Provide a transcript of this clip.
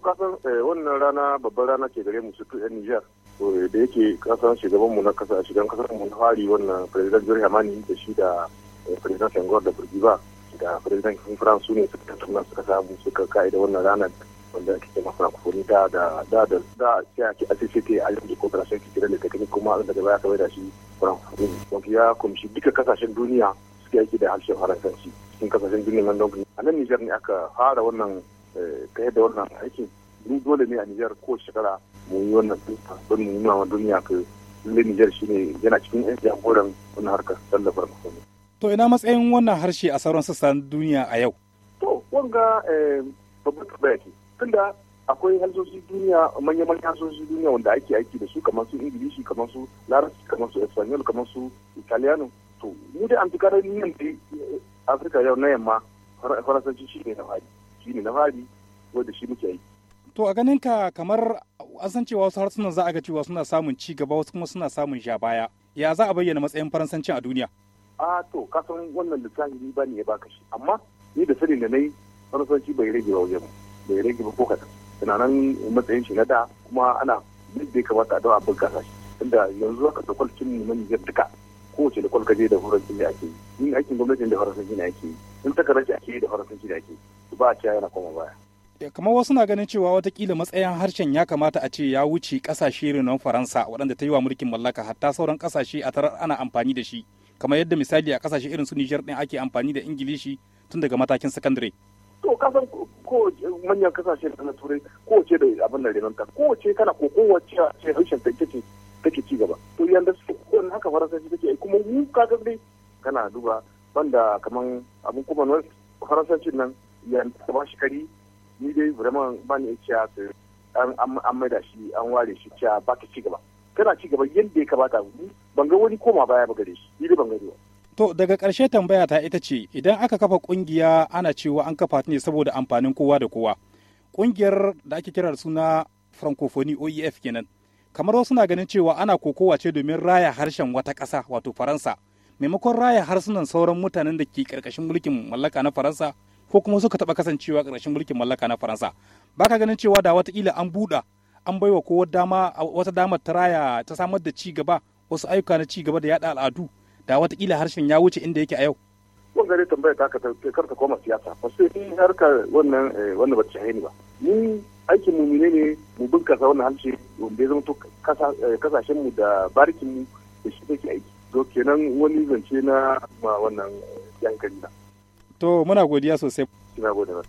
kasan eh, wannan rana babban rana ce gare mu sutu yan Nijar. Eh, da yake kasan shugaban mu na kasa a shigan kasar mu na fari wannan president Jori Hamani da shi da eh, president Shangor da Burgiba da president King France su ne suka tattauna suka samu suka ka'ida wannan ranar wanda ake kema francophonie da da da da da sai ake ACCT a da yanzu cooperation culturelle da technique kuma da daga baya kawai da shi francophonie wato ya kumshi duka kasashen duniya suke yake da harshen faransanci cikin kasashen duniya nan don a nan Nijar ne aka fara wannan Eh, ta yadda wannan aikin ni dole ne a Nijar ko shekara mu yi wannan tsufa don mu nuna wa duniya ka lullu Nijar shine yana cikin yan jagoran wannan harkar tallafar musamman. To ina matsayin wannan harshe a sauran sassan duniya a yau? To wanga eh, babban tabbaya ce tunda akwai harsoshin duniya manyan manyan harsoshin duniya wanda ake aiki da su kamar su ingilishi kamar su larabci kamar su espanyol kamar su italiano to mu da niyan da afirka yau na yamma faransanci shi ne na fadi shine na fari wanda shi muke yi to a ganin ka kamar an san cewa wasu harsunan za a ga cewa suna samun ci gaba wasu kuma suna samun sha baya ya za a bayyana matsayin faransancin a duniya a to kasan wannan lissafi ni ba ya baka shi amma ni da sanin da na yi faransanci bai rage ba wajen bai rage ba ko kaɗan tunanin matsayin shi na da kuma ana duk da ya kamata a dawa abin gasa shi tunda yanzu aka da kwalcin mu na Nijar duka kowace da kwalkaje da faransanci ne ake yi in aikin gwamnatin da faransanci ne ake yi in takarar ake yi da faransanci ne ake yi ba a kiyaye yana koma baya kamar wasu na ganin cewa watakila matsayin harshen ya kamata a ce ya wuce kasashe renon faransa waɗanda ta yi wa mulkin mallaka hatta sauran kasashe a tarar ana amfani da shi kamar yadda misali a kasashe irin su nijar ɗin ake amfani da ingilishi tun daga matakin sakandare to kasan ko manyan kasashe na turai kowace da abin da ko ce kana ko kowace ce harshen ta ce take ci gaba to yanda su wannan haka faransanci take kuma mu ka dai kana duba banda kaman abin kuma ce nan ya ba shi ni dai vraiment ba cewa an maida shi an ware shi cewa ba ka ci gaba kana ci gaba ya kamata ban ga wani koma baya ba gare shi ni dai ban gani ba To daga ƙarshe tambaya ta ita ce idan aka kafa ƙungiya ana cewa an kafa ne saboda amfanin kowa da kowa. Ƙungiyar da ake kira suna Francophonie OEF kenan. Kamar wasu na ganin cewa ana kokowa ce domin raya harshen wata ƙasa wato Faransa. Maimakon raya harsunan sauran mutanen da ke ƙarƙashin mulkin mallaka na Faransa ko kuma suka taɓa kasancewa ƙarshen mulkin mallaka na faransa ba ka ganin cewa da watakila an buɗa an baiwa kowa dama wata dama ta raya ta samar da ci gaba wasu ayyuka na ci gaba da yaɗa al'adu da watakila harshen ya wuce inda yake a yau mun gare tambaya ta kar ta koma siyasa ba sai ni harka wannan eh, wannan ba ta ba ni aikin mu ne mu bunkasa wannan harshe wanda ya zama to eh, kasashen mu da barikin mu da shi take aiki to kenan wani zance na ma wannan eh, yankari na To muna godiya sosai. Ina gode